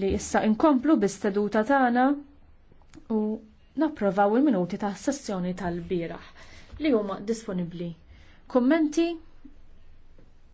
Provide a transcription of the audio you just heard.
li issa inkomplu bis-seduta tagħna u napprovaw il-minuti ta' sessjoni tal-bieraħ li huma disponibbli. Kummenti?